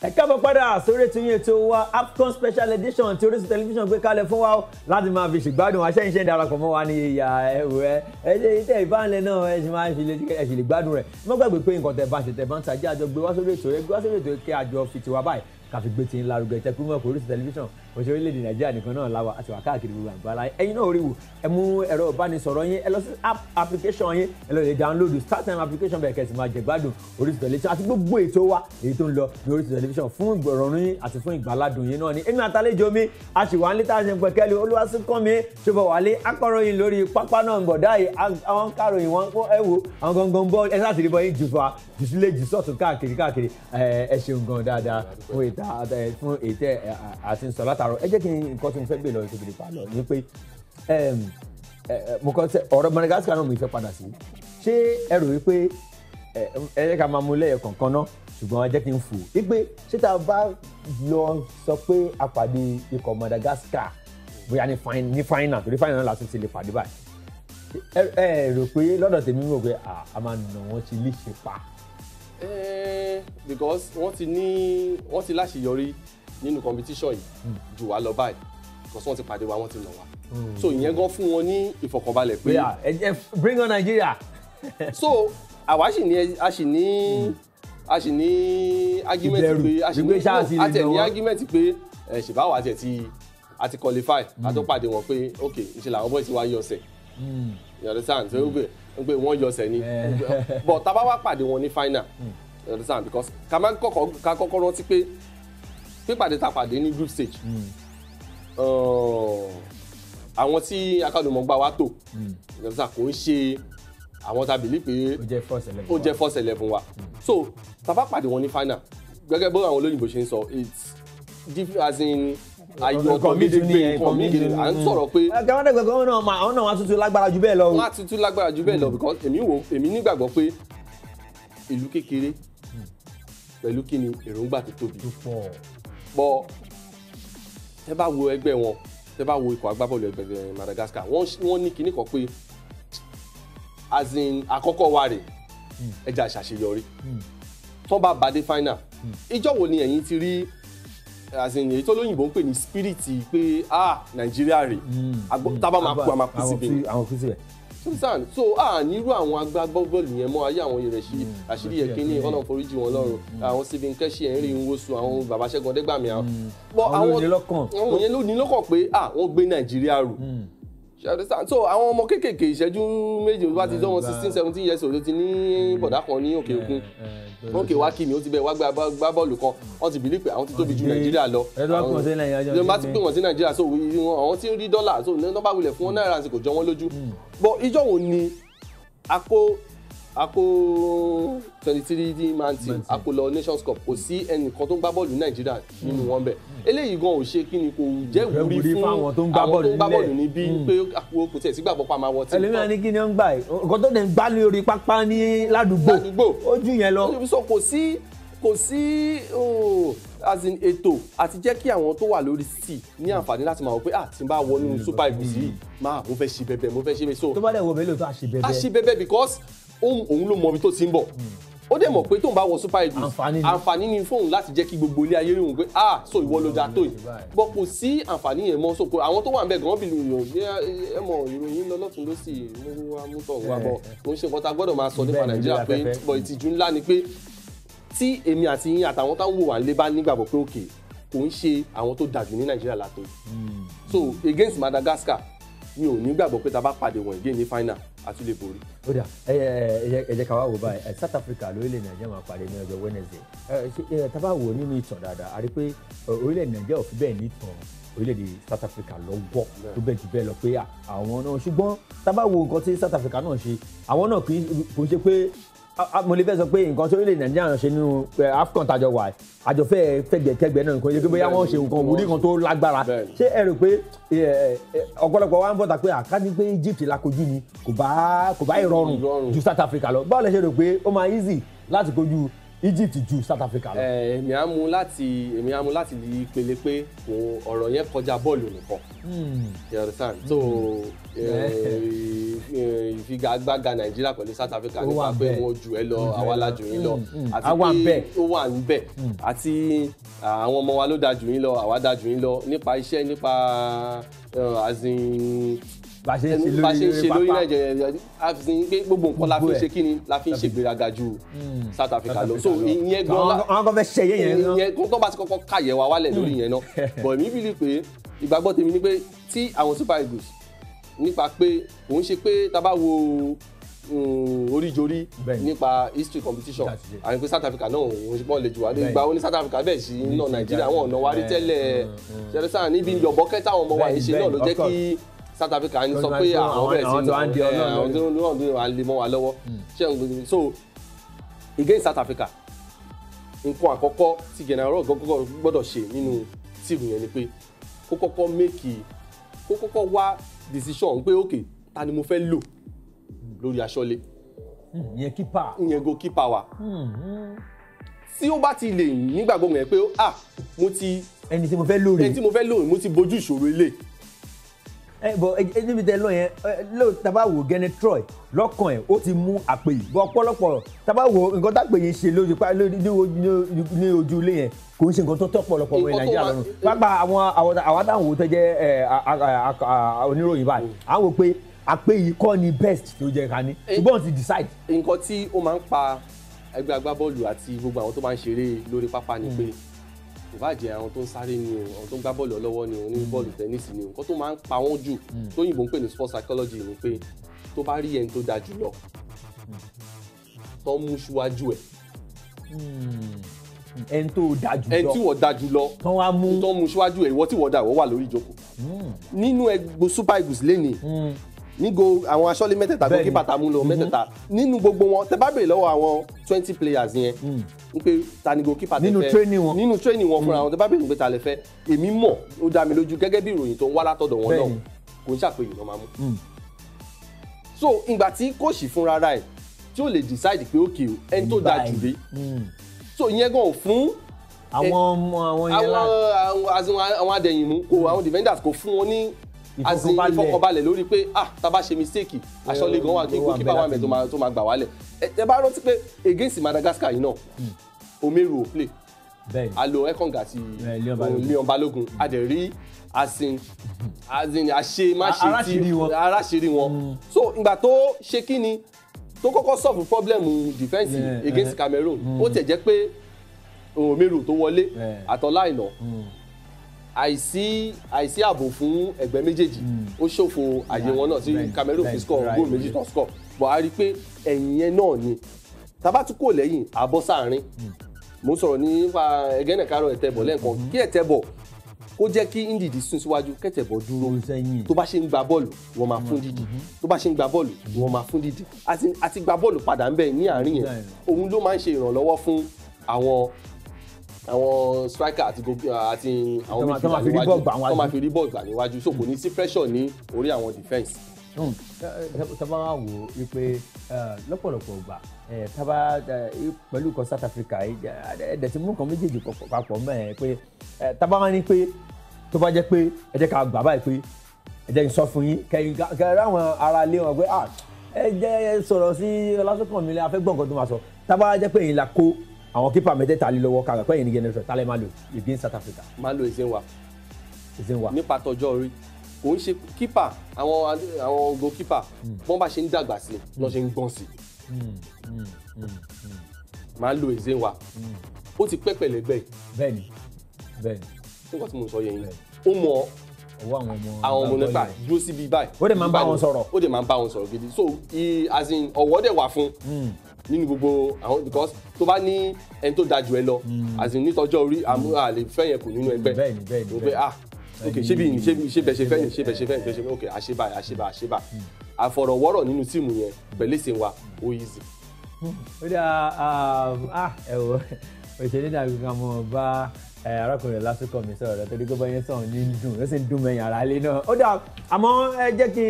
ẹ káàbọ̀ padà sórí ètò yín ètò wa AFCON special edition tí Orísun tẹlifíṣàn gbé kalẹ̀ fún wa láti máa fi ṣègbádùn aṣẹ́yìnṣẹ́ darapọ̀ mọ́ wa ní ìyá ẹ̀wọ̀ ẹ ẹ ṣe tẹ ìbánilẹ̀ náà ẹ ṣe máa ẹ ṣe lè gbádùn rẹ̀ má gbàgbé pé nǹkan tẹ̀ bá ṣe tẹ̀ bá ń tajà àjọ gbé wá sórí ètò rẹ̀ gbé wá sórí ètò kí àjọ fi tiwa báyìí káfi gbé ti ń larugẹ tẹkùnmọ́ Orísun tẹlifíṣàn òṣèré orílẹ̀-èdè nàìjíríà nìkan náà láwa àti wà káàkiri gbogbo àgbáńlá ẹ̀yin náà rí ẹ mú ẹ̀rọ ìbánisọ̀rọ̀ yín ẹ lọ sí app application yín ẹ lọ lè download startime application bẹ̀rẹ̀ kẹsì máa jẹ̀gbádùn Orísun tẹlifíṣàn àti gbogbo ètò wa èyí tó ń lọ ní Orísun tẹlifíṣàn fún ìgbọ̀rọ̀rùn yín àti fún ìgbàládùn yín náà ni èmi àtàlejò mi àṣìwà níta ṣe ń pẹ̀kẹ́lì olúwaṣínkànmí ṣọfọ̀wálé akọ̀ròyìn lórí pápá náà ń bọ̀ dáì àwọn kàròyìn wọn kó ẹ wo àwọn gangan bọ́ ẹ sáà ti rí látàárọ̀ ẹ jẹ́ kí n nǹkan tí mo fẹ́ gbé lọ ìkejì nípa lọ ni pé mo kọ́ sẹ́ ọ̀rọ̀ Madagascar náà mo fẹ́ padà sí ṣé ẹ rò wípé ẹ jẹ́ ká máa mú lẹ́yọ̀ kọ̀ọ̀kan náà ṣùgbọ́n ẹ jẹ́ kí n fò wípé ṣé tá a bá lọ sọ pé a pàdé ikọ̀ Madagascar bóyá ní final torí final náà la tún ti lè pàdé báyìí ẹ ẹ rò pé lọ́dọ̀ tèmi rò pé a máa nà wọ́n ti lè ṣe pa. Eh, because wọ́n ti ní wọ́n ti láṣeyọrí nínú competition yìí jù wá lọ báyìí because wọ́n ti pàdé wa wọ́n ti nà wá hmm. so ìyẹn gan fún wọn ní ìfọ̀kànbalẹ̀ pé. Ah, ẹ bring on Nigeria. so àwa sì ní a sì ní hmm. a sì ní argument pé a sì ní a tẹ̀ ní argument pé ṣèbáwá àti ẹ̀ ti a ti qualify a tó hmm. pàdé wọn pé ok ìṣe làwọn boys wa yọ ọ̀sẹ̀ you understand so wípé wípé wọ́n yọ ọ̀sẹ̀ ni eh. but tá a bá wá pàdé wọn ní final you understand because ká má kọ́kọ́ ká kọ́kọ́ rántí pé pípàdé tá a pàdé ní group stage hmm. àwọn tí akadùnmọ̀ gbà wá tò ìjọba hmm. kò ń ṣe àwọn tá a bìlí pé ó jẹ́ first eleven wa hmm. so tá a bá pàdé wọn ní final gẹ́gẹ́ bó àwọn olóyìnbó ṣe ń sọ it's different as in ayọ̀ kọ̀mídìí ní kọ̀mídìí à ń sọ̀rọ̀ pé. gbẹ̀gbẹ̀gbẹ̀ wọn náà ma wọn náà wọn tuntun lágbára jù bẹ́ẹ̀ lọ. wọn á tuntun lágbára jù bẹ́ẹ̀ lọ because èmi wo èmi nígbàgbọ́ pé ìlú kékeré pẹ̀lú kí ni èròǹgbà tó tóbi bọ́ tẹ́ bá wo ẹgbẹ́ wọn tẹ́ bá wo ikọ̀ agbábọ́ọ̀lù ẹgbẹ́ Madagascar wọ́n ní kinní kan pé as in àkọ́kọ́ wa rè hmm. ẹja ṣàṣeyọrí hmm. tán bá bàdé final ìjọ hmm. wo ni ẹ̀yin ti rí as in èyí tó lóyìnbó ń pè ní spirit pé ah Nàìjíríà rè tá máa kú àmàkú síbi sultan so a nírú àwọn agbábọ́ọ̀lù yẹn mọ́ ayé àwọn ìrẹsì mm, àṣírí ẹ̀kíní ọlọ́run foríjì wọn lọ́rùn mm, mm. àwọn síbi nkẹ́sì ẹ̀rí ń wosùn àwọn bàbá ṣẹ́gun ọdẹ́gbàmí àwọn òyìn ló ní lọ́kàn pé à ah, wọ́n gbé nàìjíríà rù understand so àwọn ọmọ kéékèèké ìṣẹ́jú méje wá ti dánwò sixteen seventeen years old ló ti ní mm. bọ̀dá kan ní òkè òkun òkè wá kí mi ó ti bẹ̀ wá gbá bọ́ọ̀lù kan wọ́n ti bìlí pé àwọn ti tóbi ju nàìjíríà lọ àwọn bá ti pè wọ́n sí nàìjíríà so àwọn ti ń rí dọ́là so ní wọ́n bá wulẹ̀ fún wọn náírà àti kò jọ wọ́n lójú mm. but ìjọ wo ni a kó a kó twenty three man team a kó lọ nations cup kò sí ẹnìkan tó ń gbá bọ́ọ̀lù nàìjíríà nínú wọn bẹ̀ eléyìí gan ò ṣe kí ni kò jẹ́ ìwúrí fún àwọn tó ń gbá bọ́ọ̀lù níbí hmm. pé kò tẹ̀ sí gbàgbọ́ pa máa wọ tí. ẹlẹ́mìíràn ní kí ni wọ́n gbà yìí nǹkan tó dẹ̀ ń gbá lórí pápá ní ládùúgbò ojú yẹn lọ. kò sí kò sí as in àti jẹ́ kí àwọn tó wà lórí sí ní àǹfààní láti máa wọ pé ah, tí n bá wọnú hmm. super eagles yìí máa mo fẹ́ ṣe bẹ̀bẹ̀ mo fẹ́ ṣe bẹ̀bẹ̀ so. tó bá dẹ̀ wọ bẹ́ẹ̀ lóòótọ́ àṣìbẹ̀bẹ̀. àṣìbẹ̀bẹ̀ because òun ló mọ ibi tó ti ń bọ̀ ó dẹ̀ mọ̀ pé tóun bá wọ super eagles àǹfààní ni fóun láti jẹ́ kí gbogbo ilé ayé rìn pé ah so ìwọ ló da tó yìí bọ́ kò sí àǹfààní yẹn mọ́ so kò àwọn tó wà ń bẹ̀ gan bìlù yàn ní ẹ mọ̀ ìròyìn lọ́lọ́tún ló sì mú wa mú tọ̀ wá bọ̀ eh, eh. kò ṣe nǹkan tá a gbọ́dọ̀ máa sọ nípa nàìjíríà pé bọ̀ ìtìjú ńlá ni pé tí èmi àti yín àtàwọn táwọn wò wá lé bá nígbàgbọ́ pé òkè kò ń ṣe àwọn tó dàjù ní nàìjíríà látò hmm. so against Madagascar mi ò ní gbàgbọ́ pé ta bá pàdé wọn ìdí ní final àti lè borí. ó dà ẹ ẹ wò báyìí South Africa lórílẹ̀ Nàìjíríà máa pàdé ní ọjọ́ Wednesday ẹ tá bá wò nínú ìtàn dáadáa àrí pé orílẹ̀ Nàìjíríà ò fi bẹ́ẹ̀ ní ìtàn orílẹ̀-èdè South Africa lọ́wọ́ tó bẹ̀ jù bẹ́ẹ̀ lọ pé àwọn náà ṣùgbọ́n tá bá nǹkan tí South Africa náà ṣe àwọn náà kì í kò ṣe pé mo lè fẹ́ sọ pé nǹkan sórílẹ̀ nàìjíríà ṣe nínú afcon tàjọ wà àjọ fẹ́ fẹ́gbẹ̀kẹ́gbẹ̀ náà nǹkan yẹ bóyá wọ́n ṣe nǹkan òwúrí kan tó lágbára ṣé ẹ rò pé ọ̀pọ̀lọpọ̀ wa ń bọ̀ta pé àkáni pé Egypt la ni kò bá kò ju South Africa lọ báwo lẹ ṣe rò pé ó máa easy láti kojú Egypt ju South Africa lọ. èmi á mú láti èmi á mú láti di pele pé ọ̀rọ̀ yẹn kọjá bọ́ọ̀lù nìkan hmm. you understand hmm. so eh, figagbága nàìjíríà pẹ̀lú south africa nípa pé wọn jù ẹ lọ àwa la jù yín lọ mm, mm. àti pé ó wà níbẹ̀ mm. àti àwọn ọmọ wa ló da jù yín lọ àwa da jù yín lọ nípa iṣẹ́ nípa azin bá ṣe ń ṣe lórí nàìjíríà a fi ń gbé gbogbo nǹkan la fi ń ṣe kí ni la fi ń ṣe gbéraga ju south africa lọ so ìyẹn gan la àwọn kan fẹ́ ṣe yé yẹn náà ìyẹn kó tó bá ti kọ́kọ́ kàyẹ̀ wá wálẹ̀ lórí yẹn náà but èmi bìlì pé ìgbàgbọ́ tèmi ni pé tí àwọn super eagles nípa pé kò ń ṣe pé tá a bá wo mm, oríjorí nípa history competition àyìnpé South Africa náà òun ṣe pọ́n lè jù wá ní ìgbà wo ni South Africa bẹ́ẹ̀ sí iná Nàìjíríà wọn ọ̀nà wa rí tẹ́lẹ̀ mm, mm. ṣẹlẹ́sà níbi yọ̀bọ́kẹ́ táwọn ọmọ wa yìí ṣe náà ló jẹ́ kí South Africa ń sọ pé àwọn bẹ̀rẹ̀ sí àwọn eh, tó ń dún àwọn lè mọ́ wa lọ́wọ́ so against South Africa nǹkan àkọ́kọ́ tí general gbọ́dọ̀ gbọ́dọ̀ ṣe nínú tíìmù yẹn ni pé kó kọ́kọ́ méèkì kó kọ́kọ́ wá decision pé ok ta ni mo fẹ́ lò lórí aṣọ́lé. Hmm, ìyẹn kípa. ìyẹn go kípa wa. Hmm. tí ó bá ti lè nígbàgbọ́ yẹn pé ah mo ti. ẹni tí mo fẹ́ lò rè. ẹni tí mo fẹ́ lò rè mo ti bojú ìṣòro ilé ẹ bọ ẹ níbi tẹ lọ yẹn eh, lọ taba wo gẹni troy lọkàn ẹ ó ti mú àpè yìí bọ ọ̀pọ̀lọpọ̀ taba wo nǹkan tá pè ṣe lójú pa ní ojú ilé yẹn kò ń ṣe nǹkan tó tọ́ pọ̀lọpọ̀ wọ nàìjíríà lọ́rùn pápá àwọn àwọn tó jẹ́ eh, oníròyìn báyìí àwọn pé àpè yìí kọ́ ni best tó jẹ́ ká ní eh, ṣùgbọ́n ti decide. nǹkan tí ó máa ń pa ẹgbẹ́ agbábọ́ọ̀lù àti gbogbo àwọn tó máa ń ṣeré lórí pápá ni pé. Hmm kò bá jẹ́ àwọn tó ń sáré ni o àwọn tó ń gbá bọ́ọ̀lù ọlọ́wọ́ ni o ní hmm. bọ́ọ̀lù tẹ́nísì ni o nǹkan tó máa ń pa wọ́n jù hmm. tó yìnbó ń pè ní sports psychology ni pé tó bá rí ẹni tó dáa jù lọ tó ń mú síwájú ẹ̀ hmm. ẹni tó da jù lọ ẹni tí wọ́n da jù lọ tán wá mú tán mú síwájú ẹ̀ ìwọ tí wọ́n da ìwọ wà lórí ìjókòó nínú ẹgbẹ́ Super Eagles lẹ́nìí nígo àwọn aṣọ́lé mẹ́tẹ̀ẹ̀ta gòkè bàtà mú lọ mhm. mẹ́tẹ̀ẹ̀ta nínú gbogbo wọn tẹ bá béèrè lọ́wọ́ àwọn twenty players yẹn n hmm. pé ta ni gòkè pàtẹ́fẹ́ nínú training wọn nínú training wọn fúnra hmm. wọn tẹ bá béèrè pé ta lè èmi mọ̀ ó dá mi lójú gẹ́gẹ́ bí ìròyìn tó ń wá látọ̀dọ̀ wọn náà kò ń ṣàpèyìn náà máa mú. Hmm. so ìgbà tí kóòsì fúnra ra ẹ̀ tí ó lè decide pé ókè o ẹni tó da jù dé so ìyẹn gan fún àwọn ọmọ àwọn yẹn láti àwọn adẹ̀yìnmú kò àwọn defenders kò fún wọn ní àti ìfọkànbalẹ̀ lórí pé ah tá ṣe mistake aṣọ́lé gan wà kí goalkeeper wà mẹ́ tó máa gbà wálẹ̀ ẹ bá rántí pé against Madagascar yìí náà Omeru ò play alo ekong àti eh, leon balogun a dẹ̀ asin asin àṣemáṣe ti aráṣirí wọn mm. so ìgbà tó ṣe kí ni tó kọ́kọ́ solve problem defence against Cameroon ó mm. tẹ̀ jẹ́ pé Omeru tó wọlé àtọ́lá ìnà àìsí àìsí ààbò fún ẹgbẹ́ méjèèjì hmm. ó ṣòfò àyè wọn náà tí Cameroon fi score góòlù méjì tó score but a rí i pé ẹ̀yìn yẹn náà ni tábà tún kò lẹ́yìn àbọ̀ sáàrin hmm. mo sọ̀rọ̀ nípa ẹgẹ́nẹ̀ kárọ̀ ẹ̀tẹ̀bọ̀ lẹ́ẹ̀kan hmm. kí ẹ̀tẹ̀bọ̀ kó jẹ́ kí ndidi sún síwájú kẹ̀tẹ̀bọ̀ dúró tó bá ṣe ń gba bọ́ọ̀lù wọ́n máa fún dídì tó bá ṣe ń gba bọ́ọ̀lù wọ́n máa fún dídì àti gba bọ́ọ̀lù padà ń bẹ̀ ní àárín yẹn òun ló máa ń ṣe ìrànlọ́wọ́ fún àwọn àwọn striker àti uh, àti àwọn midfielder níwájú wọ́n máa fi rí bọ́ọ̀lù gbà níwájú so kò ní sí pressure ní orí àwọn defence. Hmm. tábàá wò ó pé lọ́pọ̀lọpọ̀ ìgbà tábàá pẹ̀lú ikọ̀ South Africa ẹ̀dẹ̀ tí mú nǹkan méjèèjì papọ̀ mẹ́ẹ̀ pé tábàá ní pé tó bá jẹ́ pé ẹ jẹ́ ká gbà báyìí pé ẹ jẹ́ n sọ fún yín kẹrin kẹrin àwọn ará ilé wọn pé ah, ẹ jẹ́ sọ̀rọ̀ sí Ọlásùnkànmí afẹ́gbọ̀n kan tó máa sọ tábàá jẹ́ pé èyí la kó àwọn kípa mẹ́tẹ̀ẹ̀ta lé lọ́wọ́ kàgbà pẹ́yìn ní generation tálẹ̀ máa lò against South Africa. máa lo Ezenwa Ezenwa nípa tọjọ́ orí kò ń ṣe kípa àwọn àwọn goalkeeper bọ́n hmm. bá ṣe ń dàgbà sí lọ́ ṣe ń gbọ́n sí hmm, hmm, máa lo Ezenwa ó ti pẹ́ pẹ̀lẹ́ bẹ́ẹ̀. bẹ́ẹ̀ni bẹ́ẹ̀ni. nígbà tí mo sọ yẹn ó mọ owó àwọn ọmọ àwọn ọmọ nípa dúró síbi báyìí. ó dẹ̀ máa ń bá wọn sọ̀rọ̀. ó dẹ̀ máa ń bá wọn sọ̀rọ̀ gidi so as in ọ̀wọ́ dẹ̀ wà fún nínú gbogbo àwọn because tó bá ní ẹni tó dájú ẹ lọ àti hmm. nítọjọ́ orí àmúra lè fẹ́ yẹn kù nínú ẹgbẹ́ bẹ́ẹ̀ni bẹ́ẹ̀ni ah ok ṣé bí ṣé ṣé ṣe fẹ́ yẹn ṣé ṣe fẹ́ yẹn ṣe ok àṣebà àṣebà àṣebà àfọ̀rọ̀wọ́rọ̀ nínú tíìmù yẹn pẹ̀lẹ́sìn wa ó easy. Hmm. ó dáa um, ah, ẹ wò òṣèré dàbí kan mọ̀ bá arákùnrin lásìkò mi sọ̀rọ̀ torí pé báyẹn sọ̀rọ̀ ní dùn ó sì ń dùn mẹ́yìn ara lé náà ó dà àmọ́ ẹ jẹ́ kí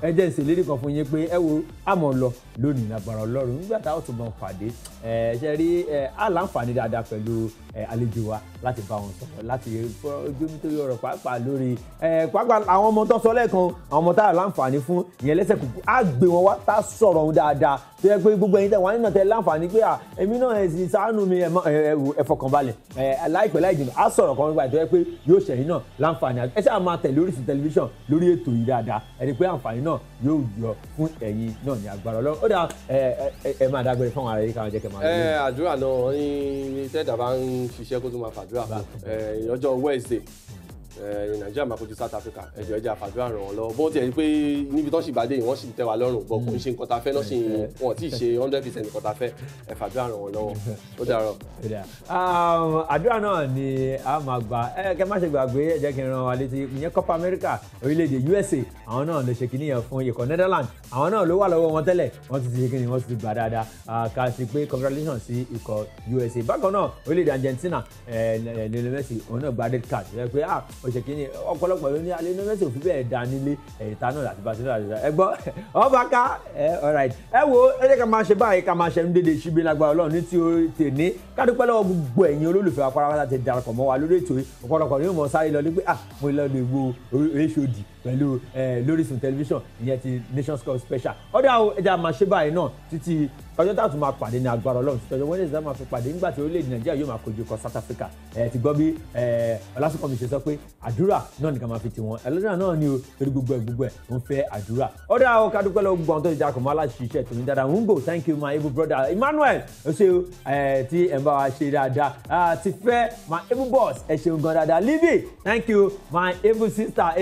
ẹ jẹ́ ìṣèlérí kan fún yín pé ẹ wo àmọ̀ lọ lónìí lágbára ọlọ́run nígbà tá a ó tún bọ̀ pàdé ẹ ṣe rí ẹ àlàǹfààní dáadáa pẹ̀lú ẹ àlejò wa láti bá wọn sọ̀rọ̀ láti fọ́ ojómítorí ọ̀rọ̀ pàápàá lórí ẹ pàápàá àwọn ọmọ tó sọ lẹ́ẹ̀kan àwọn ọmọ tá a láǹfààní fún ìyẹn lẹ́sẹ̀ kùkú á gbé wọn wá tá a sọ̀rọ̀ wọn dáadáa tó yẹ pé gbogbo ẹ̀yin tẹ̀ wọ́n nínú tẹ láǹfààní pé à èmi náà ẹ̀ sì ṣàánú mi ẹ̀ fọkànbalẹ̀ ẹ̀ láìpẹ́ láì jìnnà á sọ̀rọ̀ kan nípa ìtọ́jú pé yóò ṣẹ̀yìn náà láǹfààní ẹ ṣáà máa tẹ̀ lórí sí tẹlifíṣàn lórí ètò yìí dáadáa ẹni pé àǹfààní náà yóò yọ fún ẹ̀yin náà ní agbára ọlọ́run ó dà ẹ ẹ máa dágbére fún àwọn ará yìí káwọn jẹ́ kẹ́ máa lọ. ẹ àdúrà náà ní tẹ́ẹ̀dà bá ń ṣiṣẹ́ kó tó máa fàdúrà ọjọ́ Wednesday Eh, nàìjíríà máa kojú south africa ẹjọ ẹjẹ àfàdúrà ràn wọn lọ́wọ́ bó tiẹ̀ pé níbi tó ń ṣègbàdé yìí wọ́n sì tẹ́ wa lọ́rùn bọ̀ kò ń ṣe nǹkan tá a fẹ́ náà ṣe mm-hmm. wọ́n ti ṣe hundred percent nǹkan tá a fẹ́ ẹ̀fàdúrà ràn wọn lọ́wọ́ ó dàárọ̀. Um, àdúrà náà ni a máa gba ẹ kẹ má ṣe gbàgbé ẹ jẹ́ kí n ràn wá létí ìyẹn Copa America orílẹ̀-èdè USA àwọn náà ló ṣe kíní yẹn fún ikọ̀ Netherlands àwọn náà ló wà lọ́wọ́ wọn tẹ́lẹ̀ wọ́n ti ṣe kíní wọ́n ti gbà dáadáa ká sí pé congratulations sí ikọ̀ USA bákan náà orílẹ̀-èdè Argentina eh, Lionel Messi òun náà gba red card ọ̀sẹ̀ kìíní ọ̀pọ̀lọpọ̀ ló ní alẹ́ ní mẹ́sàn òfin bẹ́ẹ̀ dá nílé ẹ̀yìn náà láti bàtí náà ẹ gbọ́ ọba ká ẹ alright ẹ wo ẹ ká máa ṣe báyìí ká máa ṣe ń dédé ṣíbi lágbára ọlọ́run ní ti tèmi ká dúpẹ́ lọ́wọ́ gbogbo ẹ̀yin olólùfẹ́ wa ti darapọ̀ mọ́ wa lórí ètò ọ̀pọ̀lọpọ̀ ni yóò mọ sáré lọ ní pé ah, mo lọ lè wo oríṣiríṣi pẹ̀lú lórísun tẹlifíṣàn ìyẹn ti Nations Cup special ọ̀dà ẹja máa ṣe báyìí náà títí ọjọ́ tá a tún máa pàdé ní agbára ọlọ́run títí ọjọ́ Wednesday máa fi pàdé nígbà tí orílẹ̀-èdè Nàìjíríà yóò máa kojú ikọ̀ South Africa ẹ ti gbọ́ bí Ọlásùnkànmí ṣe sọ pé àdúrà náà nìkan máa fi tiwọn ẹlẹ́dàá náà ni o torí gbogbo ẹ̀ gbogbo ẹ̀ ń fẹ́ àdúrà ọ̀dà o ká dúpẹ́ lọ gbogbo àwọn tó ti thank you my able brother Emmanuel thank you my able sister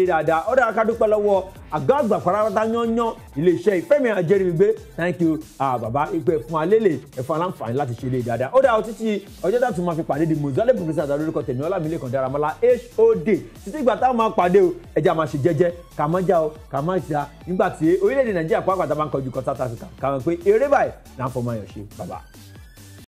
ṣe dáadáa ó dára ká dúpẹ́ lọ́wọ́ àgọ́ àgbà farabata yányán iléeṣẹ́ ìfẹ́mi àjẹrìmígbé thank you Ah, bàbá ìpè fún alẹ́lẹ̀ ẹ̀fọn aláǹfààní láti ṣe lè dáadáa ó dára ó títí ọjọ́ dàtún máa fi pàdé di mozale professor àti olórúkọ tèmi ọlámilẹ́kan dáramọ́lá HOD títí ìgbà táwọn máa pàdé o ẹja máa ṣe jẹ́jẹ́ ká má já o ká má ṣá nígbà tí orílẹ̀-èdè nàìjíríà pàápàá tá a bá ń kọjú kọ South Africa ká mọ̀ pé eré báyìí láǹfọ̀ọ́ máa yàn ṣe bàbá.